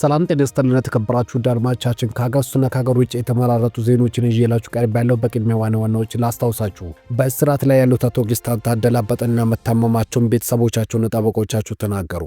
ሰላም ጤና ይስጥልን የተከበራችሁ አድማጮቻችን ከሀገር ውስጥና ከሀገር ውጭ የተመራረጡ ዜናዎችን ይዤላችሁ ቀርብ ያለው። በቅድሚያ ዋና ዋናዎችን ላስታውሳችሁ። በእስራት ላይ ያሉት አቶ ጌታሁን ታደለ አበጠና መታመማቸውን ቤተሰቦቻቸውና ጠበቆቻቸው ተናገሩ።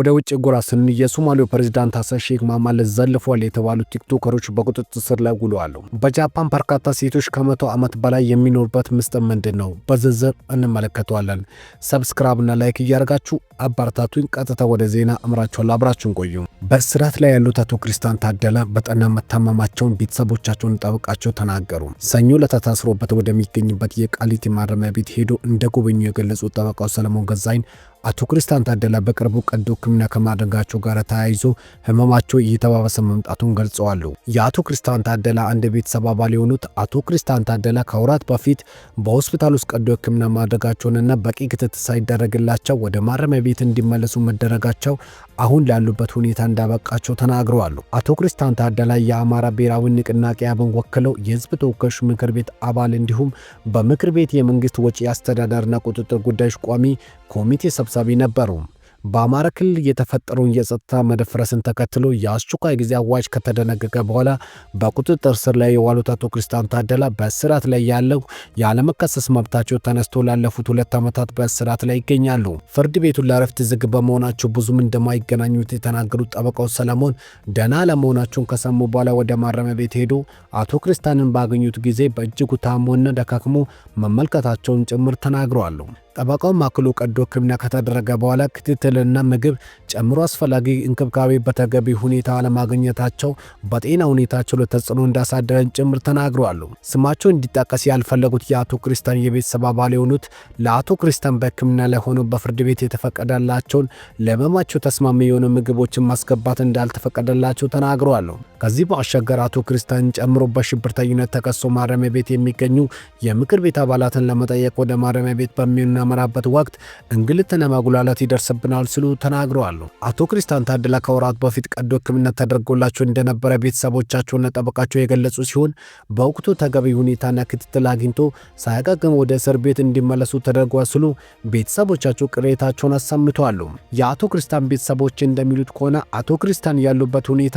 ወደ ውጭ ጎራ ስንል የሶማሌው ፕሬዚዳንት ሀሰን ሼክ ማማለ ዘልፏል የተባሉ ቲክቶከሮች በቁጥጥር ስር ላይ ውለዋል። በጃፓን በርካታ ሴቶች ከመቶ ዓመት በላይ የሚኖሩበት ምስጢር ምንድን ነው? በዝርዝር እንመለከተዋለን። ሰብስክራይብና ላይክ እያደረጋችሁ አባርታቱን። ቀጥታ ወደ ዜና አምራችኋል። አብራችሁን ቆዩ። በእስራት ላይ ያሉት አቶ ክርስቲያን ታደለ በጠና መታመማቸውን ቤተሰቦቻቸውን ጠበቃቸው ተናገሩ። ሰኞ ለተታስሮበት ወደሚገኝበት የቃሊቲ ማረሚያ ቤት ሄዶ እንደ ጎበኙ የገለጹት ጠበቃው ሰለሞን ገዛይን አቶ ክርስቲያን ታደለ በቅርቡ ቀዶ ሕክምና ከማድረጋቸው ጋር ተያይዞ ህመማቸው እየተባባሰ መምጣቱን ገልጸዋሉ። የአቶ ክርስቲያን ታደለ አንድ ቤተሰብ አባል የሆኑት አቶ ክርስቲያን ታደለ ከወራት በፊት በሆስፒታል ውስጥ ቀዶ ሕክምና ማድረጋቸውንና በቂ ክትትል ሳይደረግላቸው ወደ ማረሚያ ቤት እንዲመለሱ መደረጋቸው አሁን ላሉበት ሁኔታ እንዳበቃቸው ተናግረዋሉ። አቶ ክርስቲያን ታደለ የአማራ ብሔራዊ ንቅናቄ አብን ወክለው የህዝብ ተወካዮች ምክር ቤት አባል እንዲሁም በምክር ቤት የመንግስት ወጪ አስተዳደርና ቁጥጥር ጉዳዮች ቋሚ ኮሚቴ ሰብሳቢ ነበሩ። በአማራ ክልል የተፈጠረውን የጸጥታ መደፍረስን ተከትሎ የአስቸኳይ ጊዜ አዋጅ ከተደነገገ በኋላ በቁጥጥር ስር ላይ የዋሉት አቶ ክርስቲያን ታደላ በእስራት ላይ ያለው ያለመከሰስ መብታቸው ተነስቶ ላለፉት ሁለት ዓመታት በእስራት ላይ ይገኛሉ። ፍርድ ቤቱን ለረፍት ዝግ በመሆናቸው ብዙም እንደማይገናኙት የተናገሩት ጠበቃው ሰለሞን ደህና ለመሆናቸውን ከሰሙ በኋላ ወደ ማረሚያ ቤት ሄዶ አቶ ክርስቲያንን ባገኙት ጊዜ በእጅጉ ታሞና ደካክሞ መመልከታቸውን ጭምር ተናግረዋል። ጠበቃው አክሎ ቀዶ ሕክምና ከተደረገ በኋላ ክትትልና ምግብ ጨምሮ አስፈላጊ እንክብካቤ በተገቢ ሁኔታ አለማግኘታቸው በጤና ሁኔታቸው ለተጽዕኖ እንዳሳደረን ጭምር ተናግረዋል። ስማቸው እንዲጠቀስ ያልፈለጉት የአቶ ክርስቲያን የቤተሰብ አባል የሆኑት ለአቶ ክርስቲያን በሕክምና ላይ ሆነው በፍርድ ቤት የተፈቀደላቸውን ለህመማቸው ተስማሚ የሆኑ ምግቦችን ማስገባት እንዳልተፈቀደላቸው ተናግረዋል። ከዚህ ባሻገር አቶ ክርስቲያን ጨምሮ በሽብርተኝነት ተከሶ ማረሚያ ቤት የሚገኙ የምክር ቤት አባላትን ለመጠየቅ ወደ ማረሚያ ቤት በሚሆና በምናመራበት ወቅት እንግልትና ለማጉላላት ይደርስብናል ሲሉ ተናግረዋል። አቶ ክርስቲያን ታደለ ከወራት በፊት ቀዶ ሕክምና ተደርጎላቸው እንደነበረ ቤተሰቦቻቸውና ጠበቃቸው የገለጹ ሲሆን በወቅቱ ተገቢ ሁኔታና ክትትል አግኝቶ ሳያገግም ወደ እስር ቤት እንዲመለሱ ተደርጓል ሲሉ ቤተሰቦቻቸው ቅሬታቸውን አሰምተዋል። የአቶ ክርስቲያን ቤተሰቦች እንደሚሉት ከሆነ አቶ ክርስቲያን ያሉበት ሁኔታ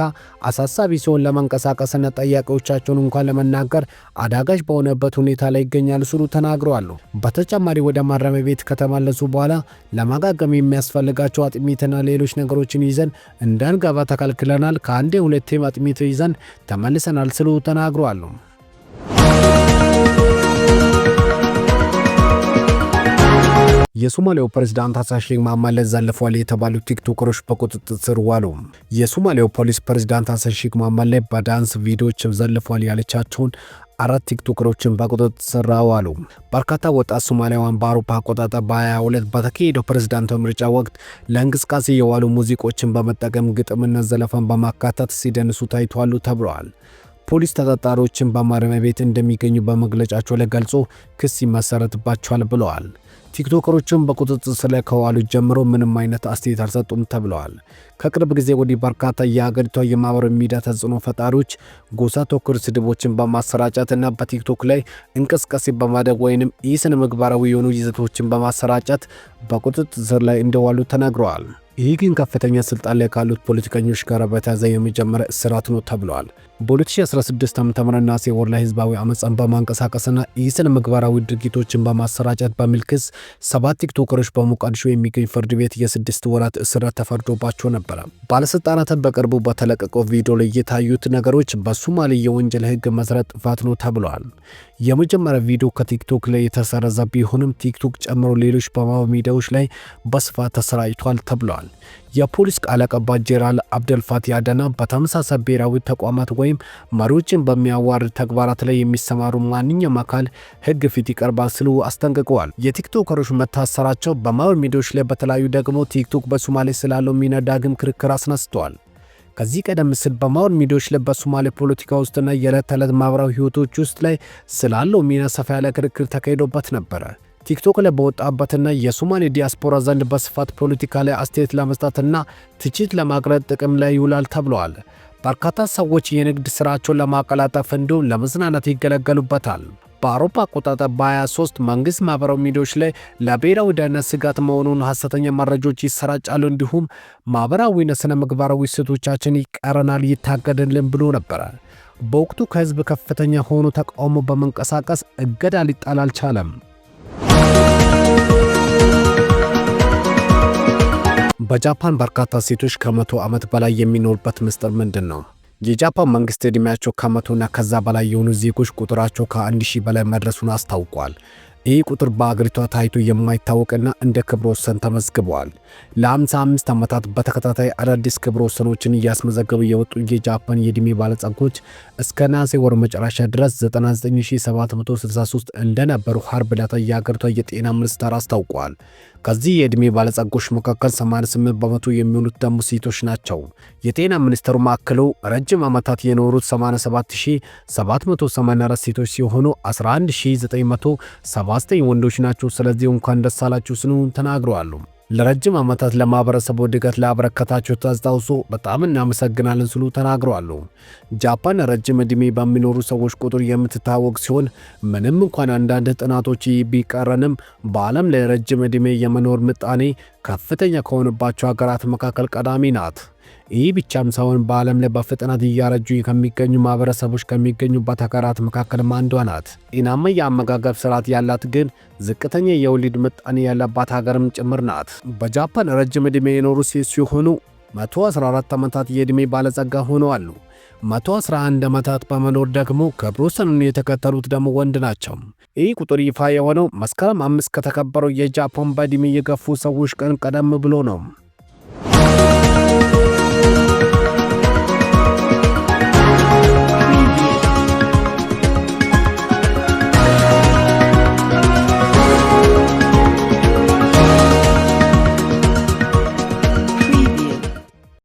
አሳሳቢ ሲሆን ለመንቀሳቀስና ጠያቂዎቻቸውን እንኳን ለመናገር አዳጋች በሆነበት ሁኔታ ላይ ይገኛል ሲሉ ተናግረዋል። በተጨማሪ ወደ ማረሚያ ወደ ቤት ከተመለሱ በኋላ ለማጋገም የሚያስፈልጋቸው አጥሚትና ሌሎች ነገሮችን ይዘን እንዳንገባ ተከልክለናል። ከአንዴ ሁለቴም አጥሚት ይዘን ተመልሰናል ስሉ ተናግሯሉ። የሶማሊያው ፕሬዝዳንት ሐሰን ሼክ መሐመድ ዘልፈዋል የተባሉ ቲክቶከሮች በቁጥጥር ስር ዋሉ። የሶማሊያው ፖሊስ ፕሬዝዳንት ሐሰን ሼክ መሐመድ ላይ በዳንስ ቪዲዮዎች ዘልፈዋል ያለቻቸውን አራት ቲክቶከሮችን በቁጥጥር ስር አዋሉ። በርካታ ወጣት ሶማሊያውያን በአውሮፓ አቆጣጠር በ22 በተካሄደው ፕሬዝዳንታዊ ምርጫ ወቅት ለእንቅስቃሴ የዋሉ ሙዚቆችን በመጠቀም ግጥምና ዘለፋን በማካተት ሲደንሱ ታይቷሉ ተብለዋል። ፖሊስ ተጠርጣሪዎችን በማረሚያ ቤት እንደሚገኙ በመግለጫቸው ላይ ገልጾ ክስ ይመሰረትባቸዋል ብለዋል። ቲክቶከሮችን በቁጥጥር ስር ከዋሉ ጀምሮ ምንም አይነት አስተያየት አልሰጡም ተብለዋል። ከቅርብ ጊዜ ወዲህ በርካታ የሀገሪቷ የማህበራዊ ሚዲያ ተጽዕኖ ፈጣሪዎች ጎሳ ተኮር ስድቦችን በማሰራጨትና በቲክቶክ ላይ እንቅስቃሴ በማድረግ ወይንም ኢስነ ምግባራዊ የሆኑ ይዘቶችን በማሰራጨት በቁጥጥር ስር ላይ እንደዋሉ ተናግረዋል። ይህ ግን ከፍተኛ ስልጣን ላይ ካሉት ፖለቲከኞች ጋር በተያዘ የመጀመሪያ እስራት ነው ተብለዋል። በ2016 ዓ ም ናሴ ወር ላይ ህዝባዊ አመፃን በማንቀሳቀስና የስነ ምግባራዊ ድርጊቶችን በማሰራጨት በሚል ክስ ሰባት ቲክቶከሮች በሞቃዲሾ የሚገኝ ፍርድ ቤት የስድስት ወራት እስራት ተፈርዶባቸው ነበረ። ባለሥልጣናትን በቅርቡ በተለቀቀው ቪዲዮ ላይ የታዩት ነገሮች በሶማሌ የወንጀል ህግ መሠረት ጥፋት ነው ተብለዋል። የመጀመሪያ ቪዲዮ ከቲክቶክ ላይ የተሰረዘ ቢሆንም ቲክቶክ ጨምሮ ሌሎች በማህበራዊ ሚዲያዎች ላይ በስፋት ተሰራጭቷል ተብለዋል። የፖሊስ ቃል አቀባይ ጄራል አብደልፋቲ አደና በተመሳሳይ ብሔራዊ ተቋማት ወይም መሪዎችን በሚያዋርድ ተግባራት ላይ የሚሰማሩ ማንኛውም አካል ህግ ፊት ይቀርባል ሲሉ አስጠንቅቀዋል። የቲክቶከሮች መታሰራቸው በማህበራዊ ሚዲያዎች ላይ በተለያዩ ደግሞ ቲክቶክ በሶማሌ ስላለው ሚና ዳግም ክርክር አስነስተዋል። ከዚህ ቀደም ሲል በማህበራዊ ሚዲያዎች ላይ በሶማሌ ፖለቲካ ውስጥና የዕለት ተዕለት ማህበራዊ ህይወቶች ውስጥ ላይ ስላለው ሚና ሰፋ ያለ ክርክር ተካሂዶበት ነበረ። ቲክቶክ ላይ በወጣበትና የሶማሌ ዲያስፖራ ዘንድ በስፋት ፖለቲካ ላይ አስተያየት ለመስጠትና ትችት ለማቅረጥ ጥቅም ላይ ይውላል ተብለዋል። በርካታ ሰዎች የንግድ ሥራቸውን ለማቀላጠፍ እንዲሁም ለመዝናናት ይገለገሉበታል። በአውሮፓ አቆጣጠር በ23 መንግስት ማህበራዊ ሚዲያዎች ላይ ለብሔራዊ ደህንነት ስጋት መሆኑን ሀሰተኛ መረጃዎች ይሰራጫሉ፣ እንዲሁም ማህበራዊና ስነ ምግባራዊ እሴቶቻችን ይቀረናል ይታገድልን ብሎ ነበረ። በወቅቱ ከህዝብ ከፍተኛ ሆኖ ተቃውሞ በመንቀሳቀስ እገዳ ሊጣል አልቻለም። በጃፓን በርካታ ሴቶች ከመቶ ዓመት በላይ የሚኖሩበት ምስጢር ምንድን ነው? የጃፓን መንግስት ዕድሜያቸው ከመቶና ከዛ በላይ የሆኑ ዜጎች ቁጥራቸው ከአንድ ሺህ በላይ መድረሱን አስታውቋል። ይህ ቁጥር በአገሪቷ ታይቶ የማይታወቅና እንደ ክብረ ወሰን ተመዝግበዋል። ለ55 ዓመታት በተከታታይ አዳዲስ ክብረ ወሰኖችን እያስመዘገቡ የወጡ የጃፓን የዕድሜ ባለጸጎች እስከ ነሐሴ ወር መጨረሻ ድረስ 99763 እንደነበሩ ሀርብ ዳታ የአገሪቷ የጤና ሚኒስቴር አስታውቋል። ከዚህ የዕድሜ ባለጸጎች መካከል 88 በመቶ የሚሆኑት ደግሞ ሴቶች ናቸው። የጤና ሚኒስቴሩ ማዕከሉ ረጅም ዓመታት የኖሩት 87784 ሴቶች ሲሆኑ 11979 ወንዶች ናቸው። ስለዚህ እንኳን ደስ አላችሁ ስንሆን ለረጅም ዓመታት ለማህበረሰቡ እድገት ላበረከታችሁ አስተዋጽኦ በጣም እናመሰግናለን ሲሉ ተናግረዋል። ጃፓን ረጅም ዕድሜ በሚኖሩ ሰዎች ቁጥር የምትታወቅ ሲሆን ምንም እንኳን አንዳንድ ጥናቶች ቢቀረንም በዓለም ላይ ረጅም ዕድሜ የመኖር ምጣኔ ከፍተኛ ከሆኑባቸው ሀገራት መካከል ቀዳሚ ናት። ይህ ብቻም ሳይሆን በዓለም ላይ በፍጥነት እያረጁ ከሚገኙ ማህበረሰቦች ከሚገኙባት ሀገራት መካከልም አንዷ ናት። ጤናማ የአመጋገብ ስርዓት ያላት ግን ዝቅተኛ የወሊድ ምጣኔ ያለባት ሀገርም ጭምር ናት። በጃፓን ረጅም ዕድሜ የኖሩ ሴት ሲሆኑ 114 ዓመታት የዕድሜ ባለጸጋ አሉ። 111 ዓመታት በመኖር ደግሞ ክብሩስን የተከተሉት ደግሞ ወንድ ናቸው። ይህ ቁጥር ይፋ የሆነው መስከረም አምስት ከተከበረው የጃፓን በዕድሜ የገፉ ሰዎች ቀን ቀደም ብሎ ነው።